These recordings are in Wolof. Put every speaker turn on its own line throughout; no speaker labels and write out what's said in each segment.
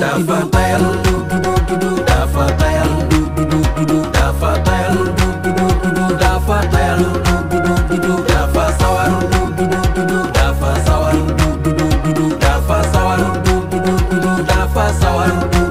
dafa tayal dafa tayal dafa tayal dafa tayal dafa sawar dafa sawar dafa sawar dafa sawar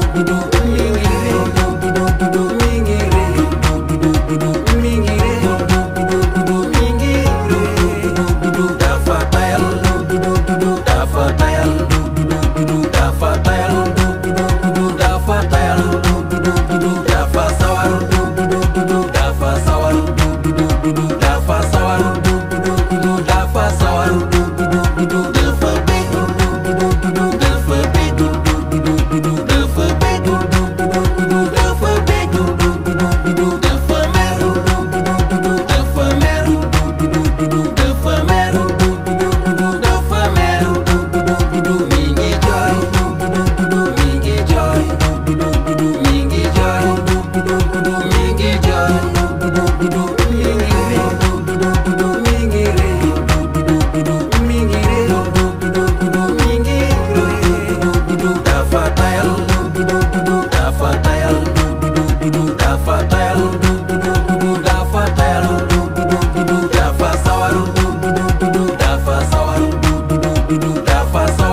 do do do.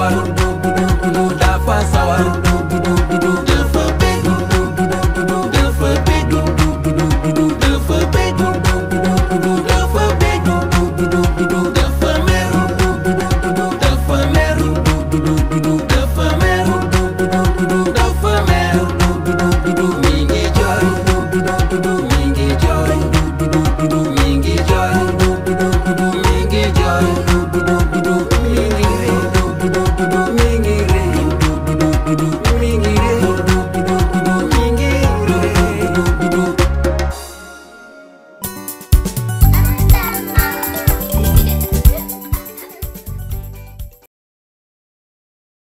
sawar dugg dugg dafa sawar